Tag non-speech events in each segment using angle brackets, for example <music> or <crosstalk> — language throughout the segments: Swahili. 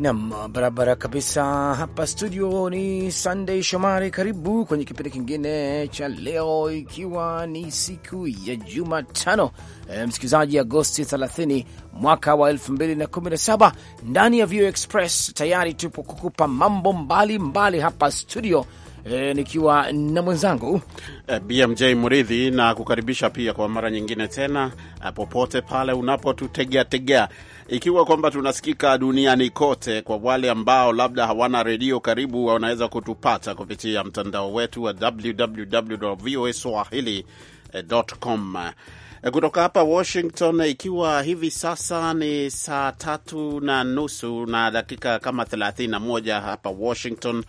Nam, barabara kabisa. Hapa studio ni Sunday Shomari, karibu kwenye kipindi kingine cha leo, ikiwa ni siku ya Jumatano e, msikilizaji, Agosti 30 mwaka wa 2017. Ndani ya Vio Express tayari tupo kukupa mambo mbalimbali mbali hapa studio. E, nikiwa na mwenzangu e, eh, BMJ Muridhi na kukaribisha pia kwa mara nyingine tena popote pale unapotutegea tegea ikiwa kwamba tunasikika duniani kote. Kwa wale ambao labda hawana redio karibu, wanaweza kutupata kupitia mtandao wetu wa swahili.com Kutoka hapa Washington, ikiwa hivi sasa ni saa tatu na nusu na dakika kama 31 hapa Washington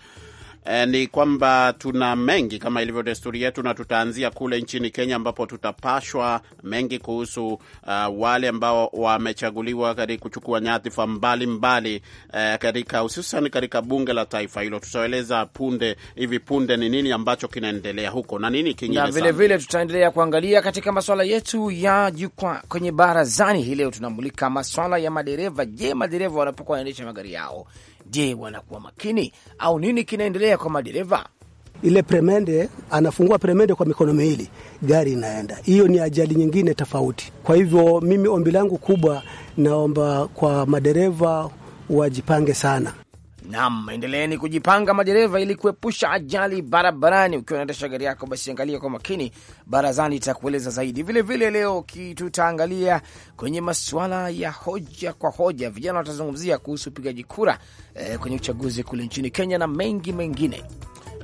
E, ni kwamba tuna mengi kama ilivyo desturi yetu, na tutaanzia kule nchini Kenya ambapo tutapashwa mengi kuhusu uh, wale ambao wamechaguliwa katika kuchukua nyadhifa mbalimbali eh, katika hususan katika bunge la taifa hilo. Tutaeleza punde hivi punde ni nini ambacho kinaendelea huko na nini kingine, na vile vile tutaendelea kuangalia katika maswala yetu ya jukwaa kwenye barazani. Hii leo tunamulika maswala ya madereva. Je, madereva wanapokuwa wanaendesha magari yao Je, wanakuwa makini au nini kinaendelea kwa madereva? Ile premende anafungua premende kwa mikono miwili, gari inaenda. Hiyo ni ajali nyingine tofauti. Kwa hivyo mimi ombi langu kubwa, naomba kwa madereva wajipange sana. Naam, endeleeni kujipanga madereva, ili kuepusha ajali barabarani. Ukiwa unaendesha gari yako, basi angalia kwa makini, barazani itakueleza zaidi. Vilevile vile leo tutaangalia kwenye masuala ya hoja kwa hoja, vijana watazungumzia kuhusu upigaji kura eh, kwenye uchaguzi kule nchini Kenya na mengi mengine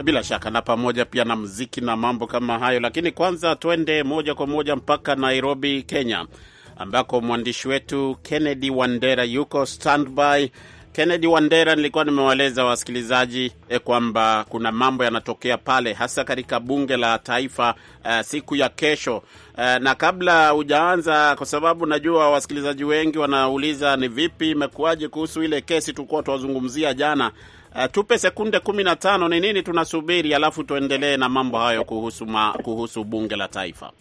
bila shaka na pamoja pia na mziki na mambo kama hayo, lakini kwanza twende moja kwa moja mpaka Nairobi, Kenya, ambako mwandishi wetu Kennedy Wandera yuko standby Kennedy Wandera, nilikuwa nimewaeleza wasikilizaji eh, kwamba kuna mambo yanatokea pale hasa katika bunge la taifa eh, siku ya kesho eh, na kabla hujaanza, kwa sababu najua wasikilizaji wengi wanauliza ni vipi imekuwaje kuhusu ile kesi tulikuwa tuwazungumzia jana. Eh, tupe sekunde kumi na tano ni nini tunasubiri, alafu tuendelee na mambo hayo kuhusu, ma, kuhusu bunge la taifa.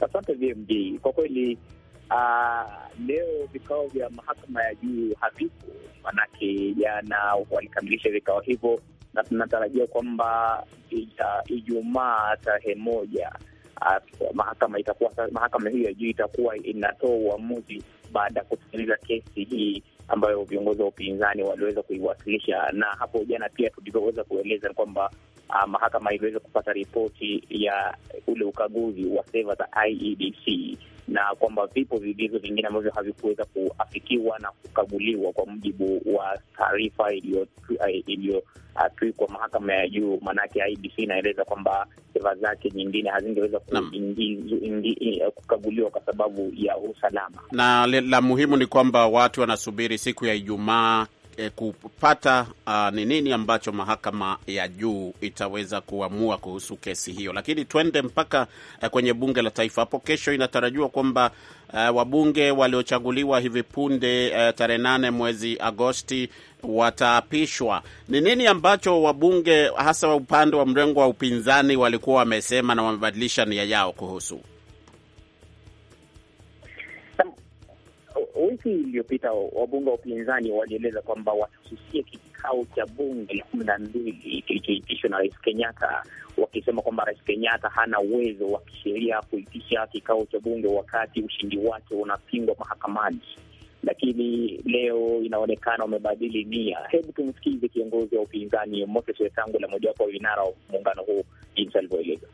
Asante VMD, kwa kweli Ah, leo vikao vya mahakama ya juu havipo, manake jana walikamilisha vikao hivyo, na tunatarajia kwamba Ijumaa tarehe moja ah, mahakama itakuwa mahakama hiyo ya juu itakuwa inatoa uamuzi baada ya kusikiliza kesi hii ambayo viongozi wa upinzani waliweza kuiwasilisha. Na hapo jana pia tulivyoweza kueleza ni kwamba uh, mahakama iliweza kupata ripoti ya ule ukaguzi wa seva za IEBC na kwamba vipo vigezo vingine ambavyo havikuweza kuafikiwa na kukaguliwa kwa mujibu wa taarifa iliyotwikwa uh, mahakama ya juu. Maanake IBC e inaeleza kwamba seva zake nyingine hazingeweza kukaguliwa kwa sababu ya usalama, na la muhimu ni kwamba watu wanasubiri siku ya Ijumaa e, kupata ah, ni nini ambacho mahakama ya juu itaweza kuamua kuhusu kesi hiyo. Lakini twende mpaka a, eh, kwenye bunge la taifa. Hapo kesho inatarajiwa kwamba eh, wabunge waliochaguliwa hivi punde tarehe nane mwezi Agosti wataapishwa. Ni nini ambacho wabunge hasa wa upande wa mrengo wa upinzani walikuwa wamesema na wamebadilisha nia yao kuhusu wiki iliyopita wabunge wa upinzani walieleza kwamba watasusia kikao cha bunge la kumi na mbili kilichoitishwa na Rais Kenyatta, wakisema kwamba Rais Kenyatta hana uwezo wa kisheria kuitisha kikao cha bunge wakati ushindi wake unapingwa mahakamani. Lakini leo inaonekana wamebadili nia. Hebu tumsikize kiongozi wa upinzani Moses Wetangula, mojawapo wa vinara wa muungano huu, jinsi alivyoeleza.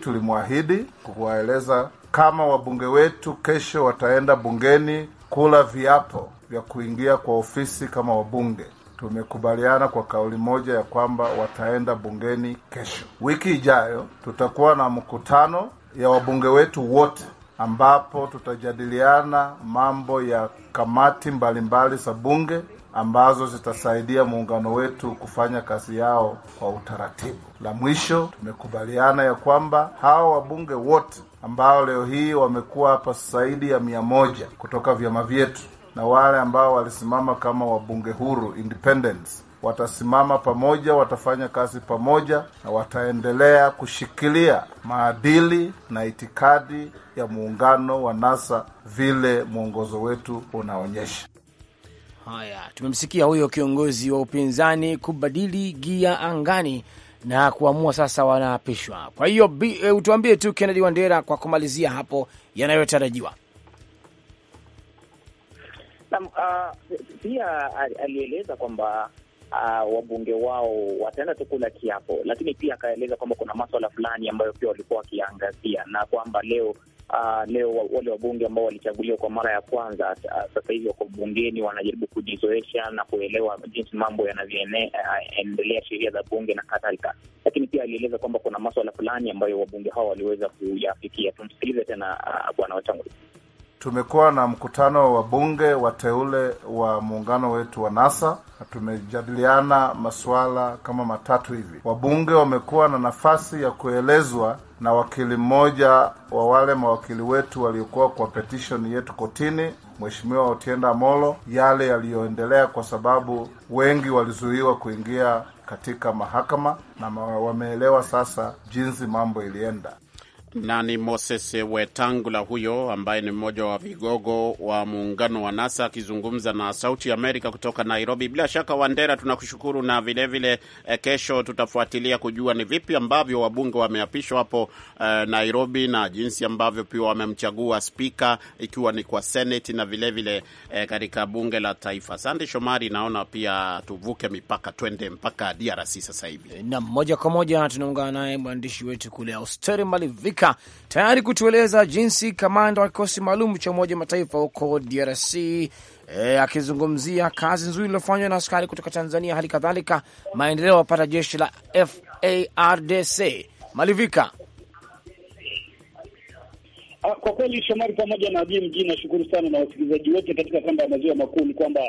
Tulimwahidi kuwaeleza kama wabunge wetu kesho wataenda bungeni kula viapo vya kuingia kwa ofisi kama wabunge tumekubaliana kwa kauli moja ya kwamba wataenda bungeni kesho. Wiki ijayo tutakuwa na mkutano ya wabunge wetu wote, ambapo tutajadiliana mambo ya kamati mbalimbali za bunge ambazo zitasaidia muungano wetu kufanya kazi yao kwa utaratibu. La mwisho, tumekubaliana ya kwamba hawa wabunge wote ambao leo hii wamekuwa hapa zaidi ya mia moja kutoka vyama vyetu na wale ambao walisimama kama wabunge huru watasimama pamoja, watafanya kazi pamoja na wataendelea kushikilia maadili na itikadi ya muungano wa NASA vile mwongozo wetu unaonyesha. Haya, tumemsikia huyo kiongozi wa upinzani kubadili gia angani na kuamua sasa wanaapishwa. Kwa hiyo e, utuambie tu Kennedy Wandera, kwa kumalizia hapo, yanayotarajiwa nam. Uh, ah, pia alieleza kwamba uh, wabunge wao wataenda tu kula kiapo, lakini pia akaeleza kwamba kuna maswala fulani ambayo pia walikuwa wakiangazia na kwamba leo uh, leo wale wabunge ambao walichaguliwa kwa mara ya kwanza uh, sasa hivi wako bungeni, wanajaribu kujizoesha na kuelewa jinsi mambo yanavyoendelea, eh, uh, sheria za bunge na kadhalika. Lakini pia alieleza kwamba kuna maswala fulani ambayo wabunge hao waliweza kuyafikia. Tumsikilize tena uh, bwana Wetangula tumekuwa na mkutano wa bunge teule wa muungano wetu wa NASA na tumejadiliana masuala kama matatu hivi. Wabunge wamekuwa na nafasi ya kuelezwa na wakili mmoja wa wale mawakili wetu waliokuwa kwa petishoni yetu kotini, Mheshimiwa Otienda Molo, yale yaliyoendelea, kwa sababu wengi walizuiwa kuingia katika mahakama na wameelewa sasa jinsi mambo ilienda na ni Moses Wetangula huyo ambaye ni mmoja wa vigogo wa muungano wa NASA akizungumza na Sauti Amerika kutoka Nairobi. Bila shaka, Wandera, tunakushukuru na vilevile vile, eh, kesho tutafuatilia kujua ni vipi ambavyo wabunge wameapishwa hapo uh, Nairobi na jinsi ambavyo pia wamemchagua spika ikiwa ni kwa Seneti na vilevile vile, eh, katika bunge la taifa. Sande Shomari, naona pia tuvuke mipaka twende mpaka DRC sasa hivi, na moja kwa moja tunaungana naye mwandishi wetu kule Austeri Malivika Malivika tayari kutueleza jinsi kamanda wa kikosi maalum cha Umoja Mataifa huko DRC e, akizungumzia kazi nzuri iliyofanywa na askari kutoka Tanzania, hali kadhalika maendeleo apata jeshi la FARDC. Malivika. Ah, kwa kweli Shomari, pamoja na bmg nashukuru sana na wasikilizaji wote katika kanda ya maziwa makuu, ni kwamba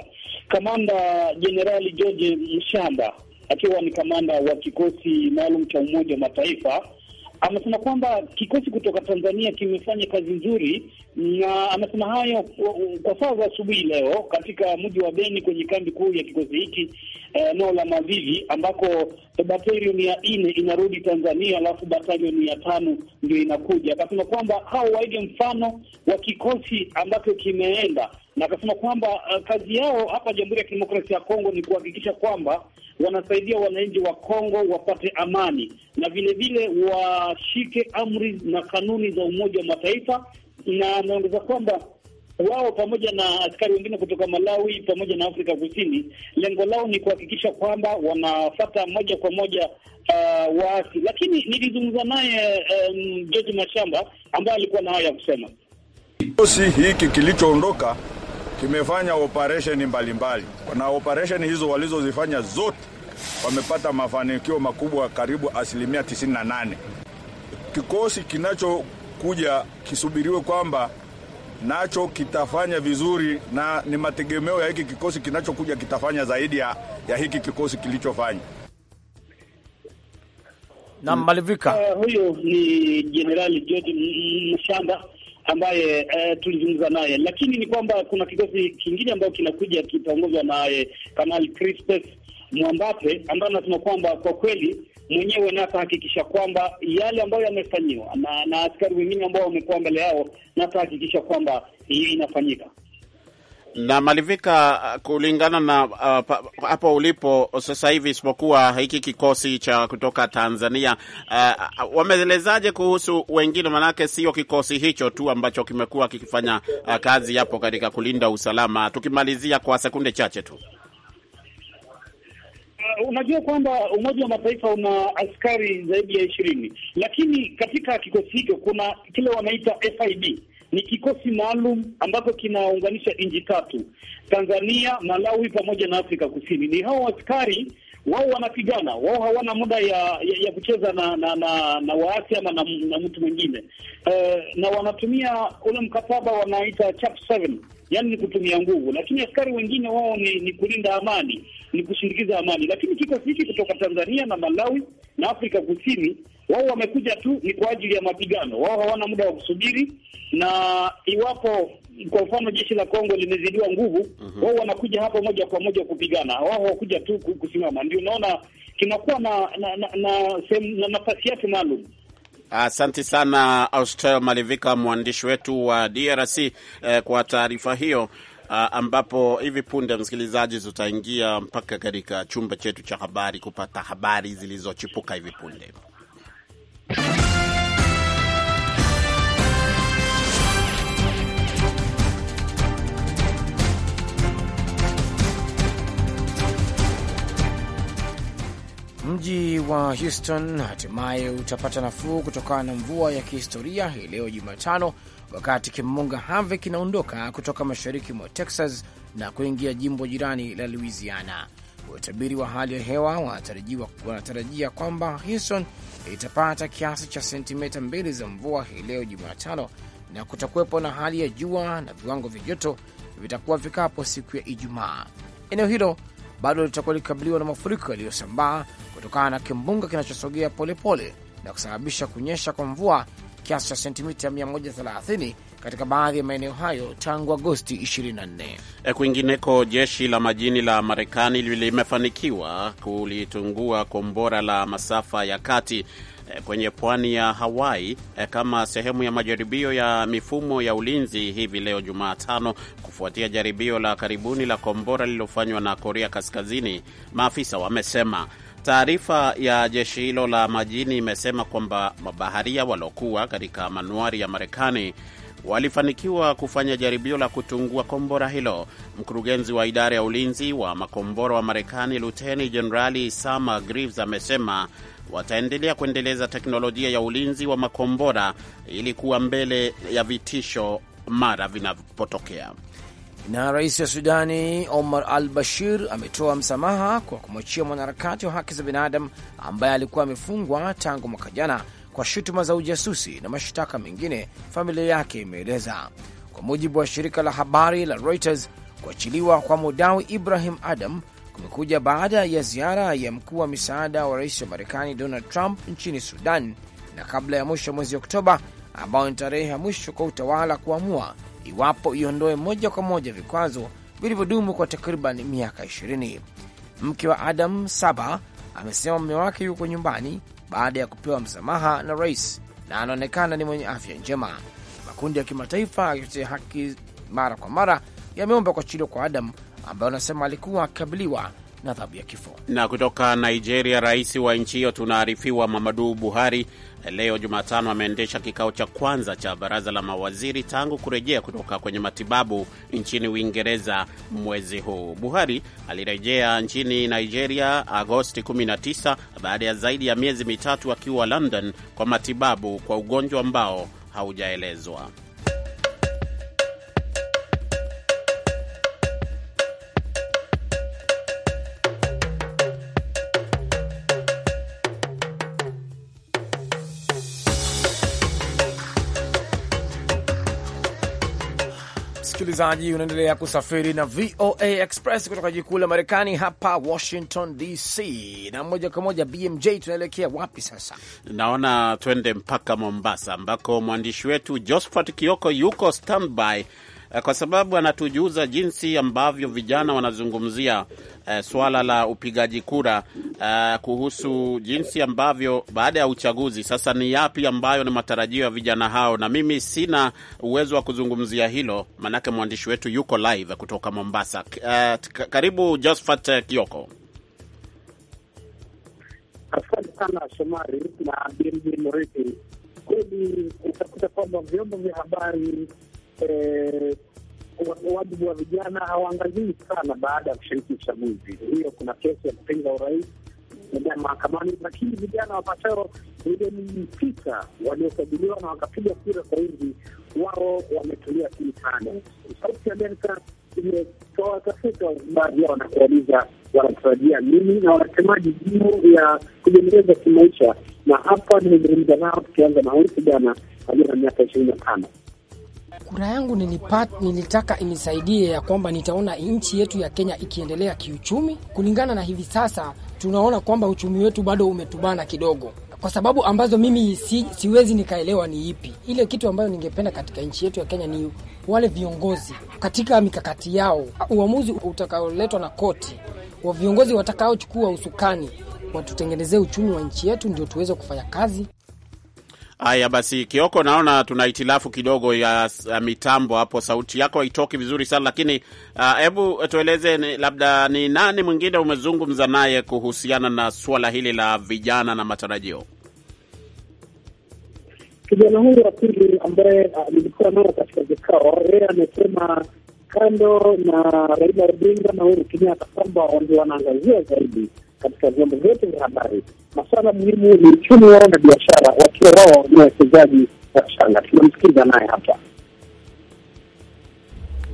kamanda jenerali George Mshamba akiwa ni kamanda wa kikosi maalum cha Umoja wa Mataifa Amesema kwamba kikosi kutoka Tanzania kimefanya kazi nzuri, na amesema hayo kwa saa za asubuhi leo katika mji wa Beni kwenye kambi kuu ya kikosi hiki eh, eneo la Mavivi, ambako batalioni ya nne inarudi Tanzania, alafu batalioni ya tano ndio inakuja. Akasema kwamba hao waige mfano wa kikosi ambacho kimeenda na akasema kwamba uh, kazi yao hapa Jamhuri ya Kidemokrasia ya Kongo ni kuhakikisha kwamba wanasaidia wananchi wa Kongo wapate amani na vilevile washike amri na kanuni za Umoja wa Mataifa, na ameongeza kwamba wao pamoja na askari wengine kutoka Malawi pamoja na Afrika Kusini, lengo lao ni kuhakikisha kwamba wanafata moja kwa moja uh, waasi. Lakini nilizungumza naye um, Mashamba ambaye alikuwa na haya ya kusema kikosi hiki kilichoondoka kimefanya operesheni mbalimbali, na operesheni hizo walizozifanya zote wamepata mafanikio makubwa, karibu asilimia 98. Kikosi kinachokuja kisubiriwe kwamba nacho kitafanya vizuri, na ni mategemeo ya hiki kikosi kinachokuja kitafanya zaidi ya, ya hiki kikosi kilichofanya na Malivika. Uh, huyo ni Jenerali George Mshamba ambaye eh, tulizungumza naye, lakini ni kwamba kuna kikosi kingine ambayo kinakuja kitaongozwa naye Kanali Crispes Mwambape ambaye anasema kwamba kwa kweli mwenyewe na kwamba yale ambayo yamefanyiwa na, na askari wengine ambao wamekuwa mbele yao na kwamba hiyo inafanyika na malivika kulingana na uh, hapo ulipo sasa hivi, isipokuwa hiki kikosi cha kutoka Tanzania uh, wameelezaje kuhusu wengine? Maanake sio kikosi hicho tu ambacho kimekuwa kikifanya uh, kazi hapo katika kulinda usalama. Tukimalizia kwa sekunde chache tu uh, Unajua kwamba Umoja wa Mataifa una askari zaidi ya ishirini, lakini katika kikosi hicho kuna kile wanaita FID ni kikosi maalum ambacho kinaunganisha nchi tatu, Tanzania, Malawi pamoja na Afrika Kusini. Ni hao askari wao wanapigana, wao hawana muda ya, ya, ya kucheza na na, na, na waasi ama na, na mtu mwingine e, na wanatumia ule mkataba wanaita chap 7 yani ni kutumia nguvu, lakini askari wengine wao ni, ni kulinda amani, ni kushindikiza amani. Lakini kikosi hiki kutoka Tanzania na Malawi na Afrika Kusini, wao wamekuja tu ni kwa ajili ya mapigano. Wao hawana muda wa kusubiri, na iwapo kwa mfano jeshi la Kongo limezidiwa nguvu, mm -hmm. wao wanakuja hapo moja kwa moja kupigana. Wao hawakuja tu kusimama, ndio unaona kinakuwa na na, na, na, na nafasi yake maalum. Asante sana Austel Malivika, mwandishi wetu wa DRC eh, kwa taarifa hiyo. Ah, ambapo hivi punde, msikilizaji, tutaingia mpaka katika chumba chetu cha habari kupata habari zilizochipuka hivi punde. Mji wa Houston hatimaye utapata nafuu kutokana na mvua ya kihistoria hii leo Jumatano, wakati kimbunga Harvey kinaondoka kutoka mashariki mwa Texas na kuingia jimbo jirani la Louisiana. Watabiri wa hali ya hewa wanatarajia kwamba Houston itapata kiasi cha sentimeta mbili za mvua hii leo Jumatano, na kutakuwepo na hali ya jua na viwango vya joto vitakuwa vikapo siku ya Ijumaa. Eneo hilo bado litakuwa likabiliwa na mafuriko yaliyosambaa kutokana na kimbunga kinachosogea polepole na kusababisha kunyesha kwa mvua kiasi cha sentimita 130 katika baadhi ya maeneo hayo tangu Agosti 24. E, kwingineko jeshi la majini la Marekani limefanikiwa kulitungua kombora la masafa ya kati e, kwenye pwani ya Hawaii e, kama sehemu ya majaribio ya mifumo ya ulinzi hivi leo Jumatano, kufuatia jaribio la karibuni la kombora lililofanywa na Korea Kaskazini, maafisa wamesema. Taarifa ya jeshi hilo la majini imesema kwamba mabaharia waliokuwa katika manuari ya Marekani walifanikiwa kufanya jaribio la kutungua kombora hilo. Mkurugenzi wa idara ya ulinzi wa makombora wa Marekani, Luteni Jenerali Sama Grives, amesema wataendelea kuendeleza teknolojia ya ulinzi wa makombora ili kuwa mbele ya vitisho mara vinapotokea. Na rais wa Sudani Omar al Bashir ametoa msamaha kwa kumwachia mwanaharakati wa haki za binadamu ambaye alikuwa amefungwa tangu mwaka jana kwa shutuma za ujasusi na mashtaka mengine, familia yake imeeleza. Kwa mujibu wa shirika la habari la Reuters, kuachiliwa kwa Mudawi Ibrahim Adam kumekuja baada ya ziara ya mkuu wa misaada wa rais wa Marekani Donald Trump nchini Sudan na kabla ya mwisho wa mwezi Oktoba, ambayo ni tarehe ya mwisho kwa utawala kuamua iwapo iondoe moja kwa moja vikwazo vilivyodumu kwa takriban miaka 20. Mke wa Adam Saba amesema mume wake yuko nyumbani baada ya kupewa msamaha na rais na anaonekana ni mwenye afya njema. Makundi ya kimataifa yakitetea haki mara kwa mara yameomba kuachiliwa kwa Adam ambaye anasema alikuwa akikabiliwa na adhabu ya kifo. Na kutoka Nigeria, rais wa nchi hiyo tunaarifiwa mamadu Buhari eh, leo Jumatano ameendesha kikao cha kwanza cha baraza la mawaziri tangu kurejea kutoka kwenye matibabu nchini Uingereza mwezi huu. Buhari alirejea nchini Nigeria Agosti 19 baada ya zaidi ya miezi mitatu akiwa London kwa matibabu kwa ugonjwa ambao haujaelezwa. msikilizaji, unaendelea kusafiri na VOA Express kutoka jiji kuu la Marekani hapa Washington DC, na moja kwa moja BMJ, tunaelekea wapi sasa? Naona twende mpaka Mombasa ambako mwandishi wetu Josphat Kioko yuko standby Eh, kwa sababu anatujuza jinsi ambavyo vijana wanazungumzia eh, swala la upigaji kura eh, kuhusu jinsi ambavyo baada ya uchaguzi sasa ni yapi ambayo ni matarajio ya vijana hao, na mimi sina uwezo wa kuzungumzia hilo, maanake mwandishi wetu yuko live kutoka Mombasa. Eh, karibu josphat eh, Kioko. Asante sana Shomari na BMJ Mrithi. Kweli utakuta kwamba vyombo vya habari eh, wajibu wa vijana hawaangazii sana baada ya kushiriki uchaguzi. Hiyo kuna kesi ya kupinga urais eda mahakamani, lakini vijana wapatao milioni sita waliosajiliwa na wakapiga kura kwa wingi, wao wametulia sana. Sauti ya Amerika imewatafuta baadhi yao na wanatarajia nini na wanasemaji juu ya kujiendeleza kimaisha, na hapa nimezungumza nao tukianza na huyu kijana aliye na miaka ishirini na tano. Kura yangu nilipat, nilitaka inisaidie ya kwamba nitaona nchi yetu ya Kenya ikiendelea kiuchumi. Kulingana na hivi sasa, tunaona kwamba uchumi wetu bado umetubana kidogo, kwa sababu ambazo mimi si, siwezi nikaelewa ni ipi ile kitu ambayo ningependa katika nchi yetu ya Kenya ni wale viongozi katika mikakati yao, uamuzi utakaoletwa na koti wa viongozi watakaochukua usukani watutengenezee uchumi wa nchi yetu, ndio tuweze kufanya kazi. Haya basi, Kioko, naona tuna hitilafu kidogo ya mitambo hapo, sauti yako haitoki vizuri sana lakini, ah, hebu uh, tueleze ni, labda ni nani mwingine umezungumza naye kuhusiana na suala hili la vijana na matarajio? Kijana huyu wa pili ambaye ah, nilikuwa nao katika vikao, yeye amesema kando na Raila Odinga na Uhuru Kenyatta kwamba ndio wanaangazia zaidi katika vyombo vyote vya habari. Masuala muhimu ni uchumi wao na biashara, wakiwa wao ni wawekezaji wa changa. Tunamsikiliza naye hapa.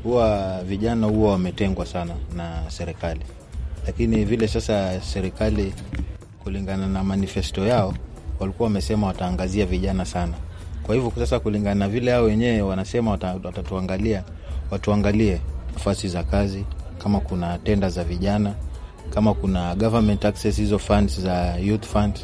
Huwa vijana huwa wametengwa sana na serikali, lakini vile sasa serikali kulingana na manifesto yao walikuwa wamesema wataangazia vijana sana. Kwa hivyo sasa, kulingana na vile hao wenyewe wanasema watatuangalia, watuangalie nafasi za kazi, kama kuna tenda za vijana kama kuna government access hizo funds za youth fund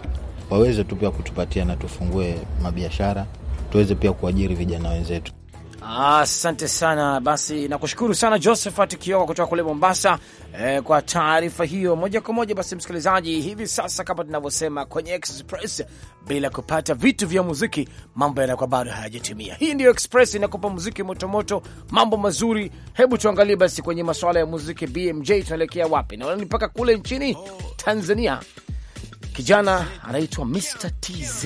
waweze tu pia kutupatia na tufungue mabiashara tuweze pia kuajiri vijana wenzetu. Ah, asante ah, sana basi, nakushukuru sana Josephat Kioko kutoka kule Mombasa eh, kwa taarifa hiyo moja kwa moja. Basi msikilizaji, hivi sasa kama tunavyosema kwenye Express, bila kupata vitu vya muziki mambo yanakuwa bado hayajatimia. Hii ndiyo Express inakupa muziki motomoto, mambo mazuri. Hebu tuangalie basi kwenye masuala ya muziki, BMJ tunaelekea wapi? Naona ni mpaka kule nchini Tanzania, kijana anaitwa Mr TZ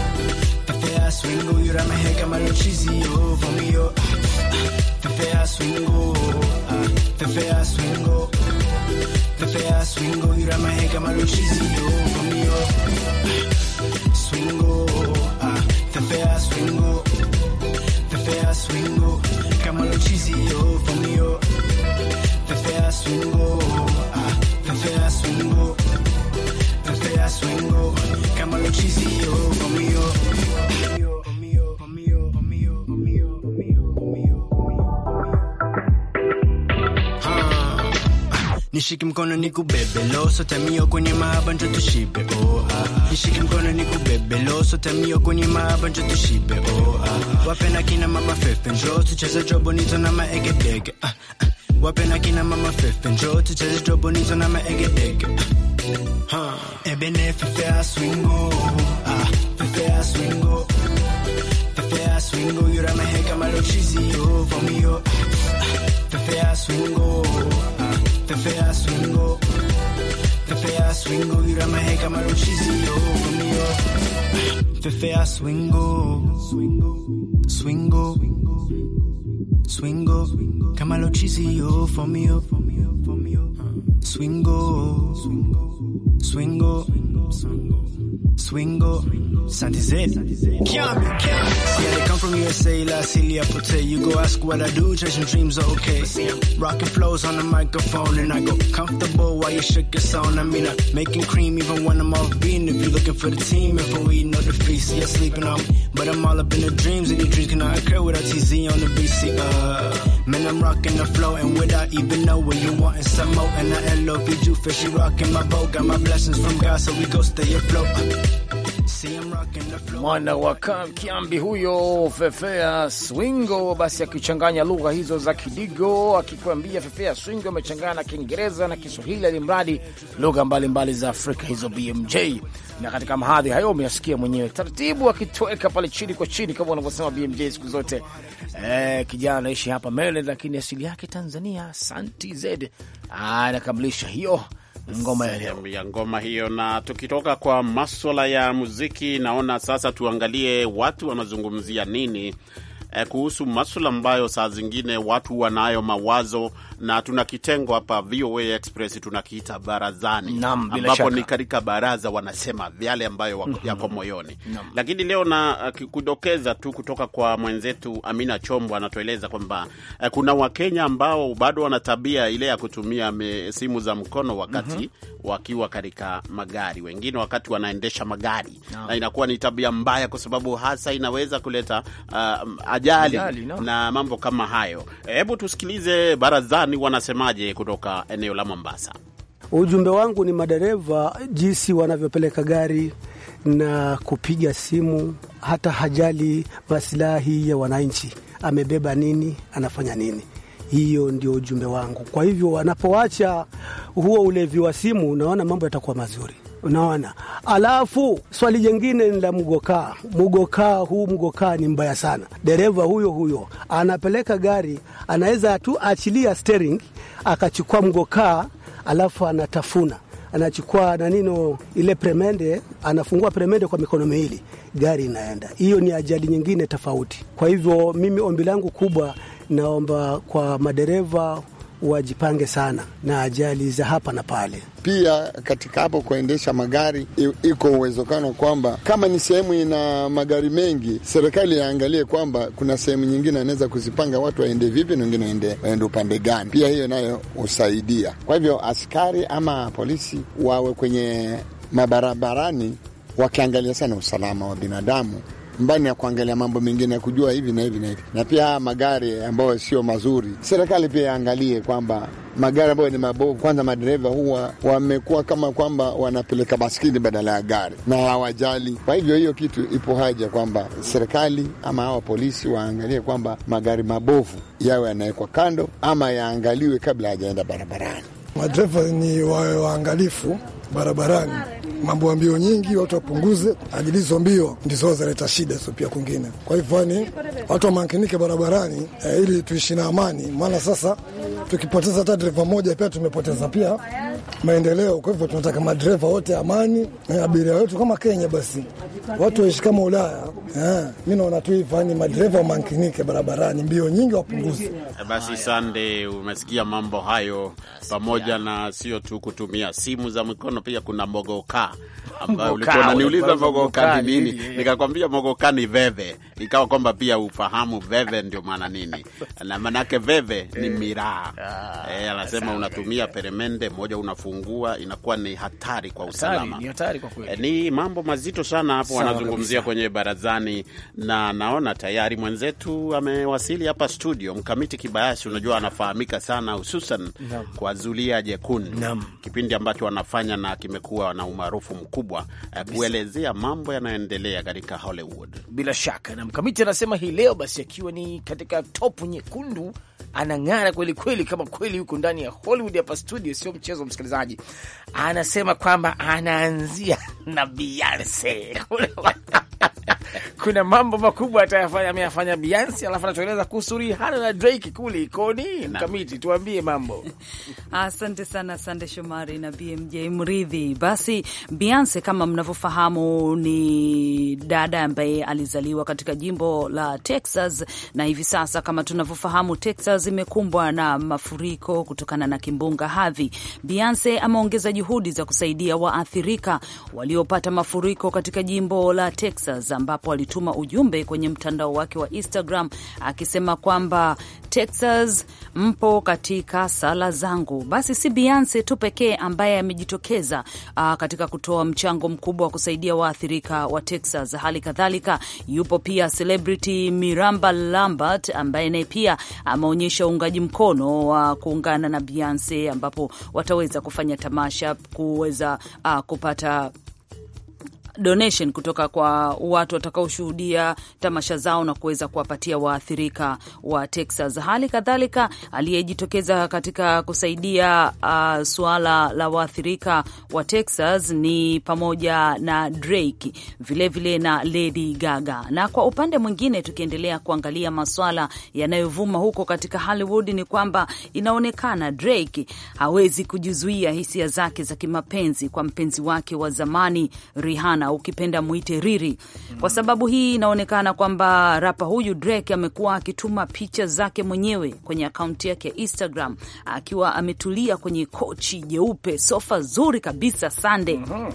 swingu yuramehe kama luchizio vumio tepea swingu ah, tepea swingu tepea swingu yuramehe kama luchizio vumio swingu ah, tepea swingu tepea swingu kama luchizio vumio tepea swingu ah, tepea swingu pea swingo, kama uchizio omio, omio, omio, omio, omio, omio, omio, omio, omio. Ah, nishiki mkono nikubebe loso tamio kwenye mahaba njo tushibe oh ah. Nishiki mkono nikubebe so tamio kwenye mahaba njo tushibe oh ah. Wapenda kina mama fefe njo tucheze jobo nito na maegedege ah, ah. Wapenda kina mama fefe njo tucheze jobo nizo na maegedege ah huh? Ebene fifea swingo, ah, fifea swingo, fifea swingo. Yura maheka malochizi yo for me yo, fifea swingo, ah, fifea swingo, fifea swingo. Yura maheka malochizi yo for me yo, fifea swingo, swingo, swingo. Swingo, kama lochizi yo for me yo, for me yo, for me yo. Swingo, swingo. Swingo, Swingo, swingo, Kiami, Kiami. Yeah, they come from USA, La Cilia Pote. You go ask what I do, chasing dreams are okay. Rocking flows on the microphone, and I go comfortable while you shook your sound. I mean, I'm making cream even when I'm off beat. If you're looking for the team, if we know eating up the feast, you're sleeping on me. But I'm all up in the dreams, and your dreams cannot occur without TZ on the BC. Uh, Man, I'm rocking the flow, and without even knowing, you wanting some more. And I love you, fishy rocking my boat. Got my blessings from God, so we go stay afloat. mwana wa Kiambi huyo, Fefea Swingo, basi akichanganya lugha hizo za Kidigo, akikwambia Fefea Swingo amechanganya na Kiingereza na Kiswahili, alimradi lugha mbalimbali za Afrika hizo BMJ. Na katika mahadhi hayo umeyasikia mwenyewe, taratibu akitoweka pale chini kwa chini, kama wanavyosema BMJ siku zote. Eh, kijana anaishi hapa Maryland, lakini asili yake Tanzania. Santi Z ah, anakamilisha hiyo ngoma leo. ya ngoma hiyo. Na tukitoka kwa maswala ya muziki, naona sasa tuangalie watu wanazungumzia nini eh, kuhusu maswala ambayo saa zingine watu wanayo mawazo, na tuna kitengo hapa VOA Express tunakiita barazani, ambapo ni katika baraza wanasema yale ambayo wako, mm -hmm. yako moyoni. Lakini leo na eh, kudokeza tu kutoka kwa mwenzetu Amina Chombo anatueleza kwamba eh, kuna Wakenya ambao bado wana tabia ile ya kutumia me, simu za mkono wakati mm -hmm. wakiwa katika magari, wengine wakati wanaendesha magari no. na inakuwa ni tabia mbaya kwa sababu hasa inaweza kuleta uh, ajali, ajali no. na mambo kama hayo. Hebu tusikilize barazani wanasemaje kutoka eneo la Mombasa. Ujumbe wangu ni madereva, jinsi wanavyopeleka gari na kupiga simu, hata hajali masilahi ya wananchi, amebeba nini, anafanya nini. Hiyo ndio ujumbe wangu. Kwa hivyo wanapoacha huo ulevi wa simu, naona mambo yatakuwa mazuri. Unaona, alafu swali jingine ni la mgokaa. Mgokaa huu mgokaa ni mbaya sana. Dereva huyo huyo anapeleka gari, anaweza tu achilia steering akachukua mgokaa, alafu anatafuna anachukua na nino ile premende, anafungua premende kwa mikono miwili, gari inaenda. Hiyo ni ajali nyingine tofauti. Kwa hivyo mimi ombi langu kubwa, naomba kwa madereva wajipange sana na ajali za hapa na pale. Pia katika hapo kuendesha magari, iko uwezekano kwamba kama ni sehemu ina magari mengi, serikali yaangalie kwamba kuna sehemu nyingine anaweza kuzipanga watu waende vipi na wengine waende upande gani. Pia hiyo nayo husaidia. Kwa hivyo askari ama polisi wawe kwenye mabarabarani wakiangalia sana usalama wa binadamu mbani ya kuangalia mambo mengine ya kujua hivi na hivi na hivi, na pia haya magari ambayo sio mazuri, serikali pia yaangalie kwamba magari ambayo ni mabovu, kwanza madereva huwa wamekuwa kama kwamba wanapeleka maskini badala ya gari na hawajali. Kwa hivyo hiyo kitu ipo haja kwamba serikali ama hawa polisi waangalie kwamba magari mabovu yawe yanawekwa kando ama yaangaliwe kabla hajaenda barabarani. Madereva ni wawe waangalifu barabarani mambo ya mbio nyingi watu wapunguze, ajili hizo mbio ndizo zinaleta shida, hizo pia kwingine. Kwa hivyo ni watu wamakinike barabarani eh, ili tuishi na amani, maana sasa tukipoteza hata dereva moja pia tumepoteza pia maendeleo. Kwa hivyo tunataka madereva wote amani, eh, abiria wetu kama Kenya, basi watu waishi kama Ulaya. Eh. Mi naona tu hivyo, yani madereva wamakinike barabarani, mbio nyingi wapunguze. Eh, basi sande, umesikia mambo hayo, pamoja na sio tu kutumia simu za mkono, pia kuna mogoka ambayo ulikuwa unaniuliza mogoka ni nini, nikakwambia mogoka ni veve, ikawa kwamba pia ufahamu veve ndio maana nini, na manake veve ni miraa. Ah, anasema e, unatumia peremende moja una unafungua inakuwa ni hatari kwa usalama. ni, hatari kwa kweli. Eh, ni mambo mazito sana hapo wanazungumzia kwenye barazani, na naona tayari mwenzetu amewasili hapa studio, Mkamiti Kibayasi. Unajua anafahamika sana hususan kwa Zulia Jekundu, kipindi ambacho wanafanya na kimekuwa na umaarufu mkubwa eh, kuelezea mambo yanayoendelea katika Hollywood. Bila shaka na Mkamiti anasema hii leo basi akiwa ni katika topu nyekundu anang'ara kweli kweli, kama kweli huko ndani ya Hollywood hapa studio, sio mchezo msikilizaji anasema kwamba anaanzia na Beyonce <laughs> <laughs> kuna mambo makubwa atayafanya, ameyafanya Beyonce, alafu anatueleza kuhusu Rihanna na Drake kule ikoni mkamiti, tuambie mambo. <laughs> Asante sana Sande Shomari na BMJ Mridhi. Basi Beyonce kama mnavyofahamu ni dada ambaye alizaliwa katika jimbo la Texas, na hivi sasa kama tunavyofahamu Texas imekumbwa na mafuriko kutokana na kimbunga Harvey. Beyonce ameongeza juhudi za kusaidia waathirika waliopata mafuriko katika jimbo la Texas Texas, ambapo alituma ujumbe kwenye mtandao wake wa Instagram akisema kwamba Texas, mpo katika sala zangu. Basi si Beyonce tu pekee ambaye amejitokeza ah, katika kutoa mchango mkubwa wa kusaidia waathirika wa Texas. Hali kadhalika yupo pia celebrity Miramba Lambert ambaye naye pia ameonyesha uungaji mkono wa kuungana na Beyonce, ambapo wataweza kufanya tamasha kuweza ah, kupata donation kutoka kwa watu watakaoshuhudia tamasha zao na kuweza kuwapatia waathirika wa Texas. Hali kadhalika aliyejitokeza katika kusaidia uh, suala la waathirika wa Texas ni pamoja na Drake vilevile vile na Lady Gaga. Na kwa upande mwingine, tukiendelea kuangalia maswala yanayovuma huko katika Hollywood, ni kwamba inaonekana Drake hawezi kujizuia hisia zake za kimapenzi kwa mpenzi wake wa zamani Rihanna sana, ukipenda mwite riri. Kwa sababu hii inaonekana kwamba rapa huyu Drake amekuwa akituma picha zake mwenyewe kwenye akaunti yake ya Instagram akiwa ametulia kwenye kochi jeupe, sofa zuri kabisa sande. mm -hmm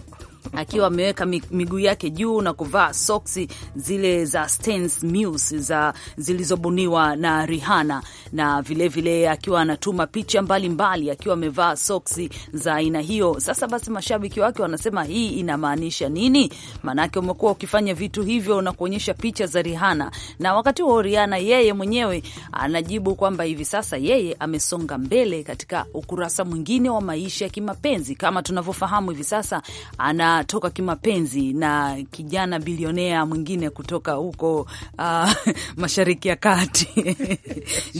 akiwa ameweka miguu yake juu na kuvaa soksi zile za Stan Smith za zilizobuniwa na Rihanna, na vilevile vile akiwa anatuma picha mbalimbali akiwa amevaa soksi za aina hiyo. Sasa basi, mashabiki wake wanasema hii inamaanisha nini? Maanake umekuwa ukifanya vitu hivyo na kuonyesha picha za Rihanna, na wakati huo Rihanna yeye mwenyewe anajibu kwamba hivi sasa yeye amesonga mbele katika ukurasa mwingine wa maisha ya kimapenzi. Kama tunavyofahamu hivi sasa ana toka kimapenzi na kijana bilionea mwingine kutoka huko uh, <laughs> Mashariki ya Kati <laughs>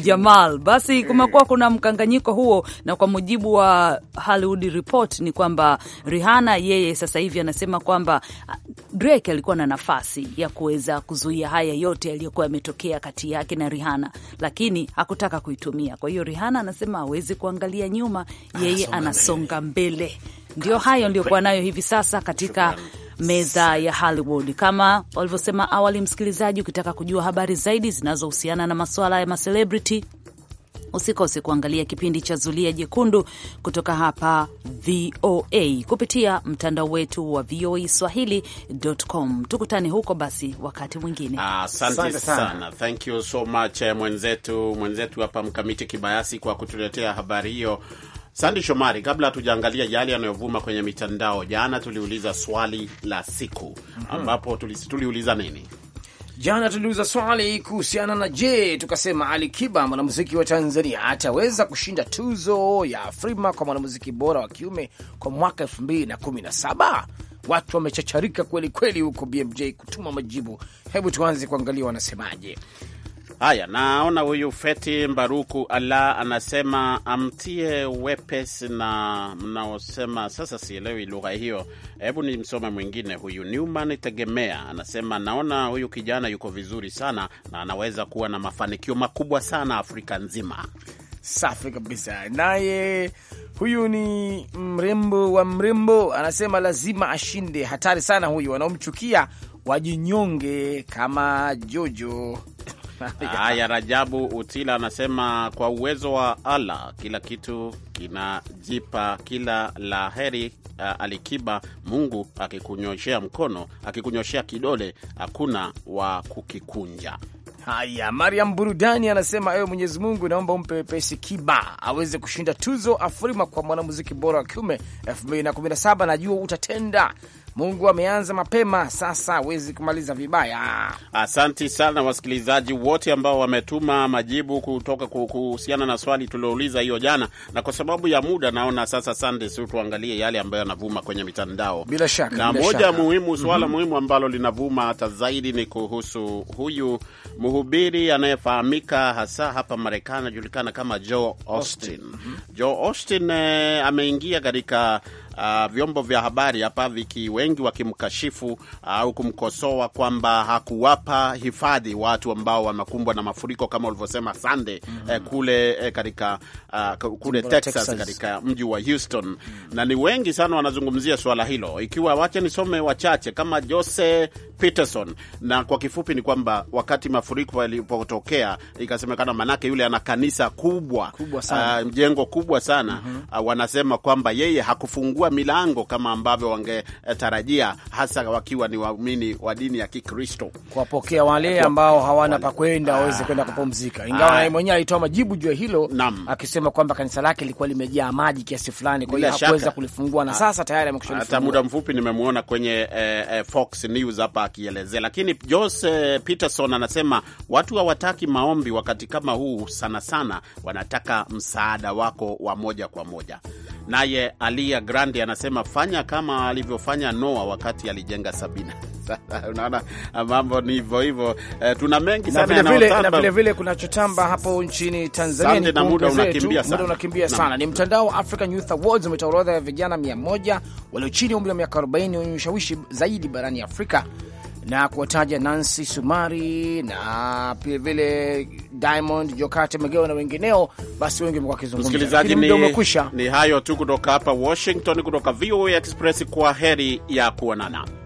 Jamal. Basi kumekuwa kuna mkanganyiko huo, na kwa mujibu wa Hollywood Report ni kwamba Rihanna yeye sasa hivi anasema kwamba ah, Drake alikuwa na nafasi ya kuweza kuzuia haya yote yaliyokuwa yametokea kati yake na Rihanna, lakini hakutaka kuitumia. Kwa hiyo Rihanna anasema hawezi kuangalia nyuma, yeye anasonga mbele, mbele ndio hayo niliyokuwa nayo hivi sasa katika meza ya Hollywood. Kama walivyosema awali, msikilizaji, ukitaka kujua habari zaidi zinazohusiana na masuala ya macelebrity usikose kuangalia kipindi cha Zulia Jekundu kutoka hapa VOA kupitia mtandao wetu wa VOA Swahili.com. Tukutane huko basi wakati mwingine. Asante ah, sana, thank you so much eh, mwenzetu, mwenzetu hapa Mkamiti Kibayasi kwa kutuletea habari hiyo Sandi Shomari, kabla hatujaangalia yale yanayovuma kwenye mitandao, jana tuliuliza swali la siku mhm. ambapo tuliuliza nini jana? Tuliuliza swali kuhusiana na je, tukasema Ali Kiba mwanamuziki wa Tanzania ataweza kushinda tuzo ya Afrima kwa mwanamuziki bora wa kiume kwa mwaka elfu mbili na kumi na saba. Watu wamechacharika kweli kweli huko BMJ kutuma majibu. Hebu tuanze kuangalia wanasemaje. Haya, naona huyu Feti Mbaruku Ala anasema amtie wepes na mnaosema sasa, sielewi lugha hiyo. Hebu ni msome mwingine. Huyu Newman Tegemea anasema naona huyu kijana yuko vizuri sana na anaweza kuwa na mafanikio makubwa sana Afrika nzima. Safi kabisa. Naye huyu ni mrembo wa mrembo, anasema lazima ashinde. Hatari sana huyu, wanaomchukia wajinyonge kama Jojo. <laughs> Haya, Rajabu Utila anasema kwa uwezo wa Allah kila kitu kinajipa kila la heri. Uh, Alikiba, Mungu akikunyoshea mkono, akikunyoshea kidole, hakuna wa kukikunja. Haya, Mariam Burudani anasema ewe Mwenyezi Mungu, naomba umpe wepesi Kiba aweze kushinda tuzo Afrima kwa mwanamuziki bora wa kiume 2017 najua utatenda. Mungu ameanza mapema, sasa hawezi kumaliza vibaya. Asanti sana wasikilizaji wote ambao wametuma majibu kutoka kuhusiana na swali tuliouliza hiyo jana, na kwa sababu ya muda naona sasa, Sande, si tuangalie yale ambayo yanavuma kwenye mitandao. Bila shaka, na bila moja shaka. muhimu swala mm -hmm. muhimu ambalo linavuma hata zaidi ni kuhusu huyu mhubiri anayefahamika hasa hapa Marekani anajulikana kama Joe Austin. Austin. Mm -hmm. Joe Austin eh, ameingia katika uh, vyombo vya habari hapa viki wengi wakimkashifu ah, au uh, kumkosoa kwamba hakuwapa hifadhi watu ambao wamekumbwa na mafuriko kama ulivyosema Sande mm -hmm. eh, mhm. kule eh, katika uh, kule Texas, Texas katika mji wa Houston mm -hmm. na ni wengi sana wanazungumzia swala hilo, ikiwa wacha nisome wachache kama Jose Peterson, na kwa kifupi ni kwamba wakati mafuriko yalipotokea ikasemekana, manake yule ana kanisa kubwa, kubwa sana. Uh, mjengo kubwa sana mm -hmm. uh, wanasema kwamba yeye hakufungua kufungua milango kama ambavyo wangetarajia, hasa wakiwa ni waumini wa dini ya Kikristo, kuwapokea wale ambao hawana pa kwenda ah. waweze kwenda kupumzika, ingawa ah. naye mwenyewe alitoa majibu juu ya hilo Nam. akisema kwamba kanisa lake lilikuwa limejaa maji kiasi fulani, kwa hiyo hakuweza kulifungua na ah. sasa tayari amekushalifungua. Hata muda mfupi nimemwona kwenye eh, eh, Fox News hapa akielezea, lakini Jose eh, Peterson anasema watu hawataki maombi wakati kama huu, sana sana wanataka msaada wako wa moja kwa moja. Naye Alia Grand Andy anasema fanya kama alivyofanya Noa wakati alijenga Sabina. <laughs> Unaona mambo ni hivyo hivyo. E, tuna mengi sana na vile vile, na vile vile kuna chotamba hapo nchini Tanzania na muda unakimbia sana, muda unakimbia sana. Ni mtandao wa African Youth Awards umetoa orodha ya vijana 100 walio chini ya umri wa miaka 40 wenye ushawishi zaidi barani Afrika na kuwataja Nancy Sumari na vilevile Diamond Jokate megeo na wengineo, basi wengi wamekuwa wakizungumza. Ni hayo tu kutoka hapa Washington, kutoka VOA Express. Kwa heri ya kuonana.